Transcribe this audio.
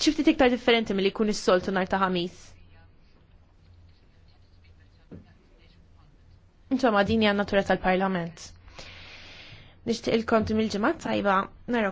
ċifti iktar differenti mill-li kun is-soltu nar ta' ħamis. Insomma, dini għan natura tal-parlament. Nishtiq il-kontum mill ġemat tajba, narakom.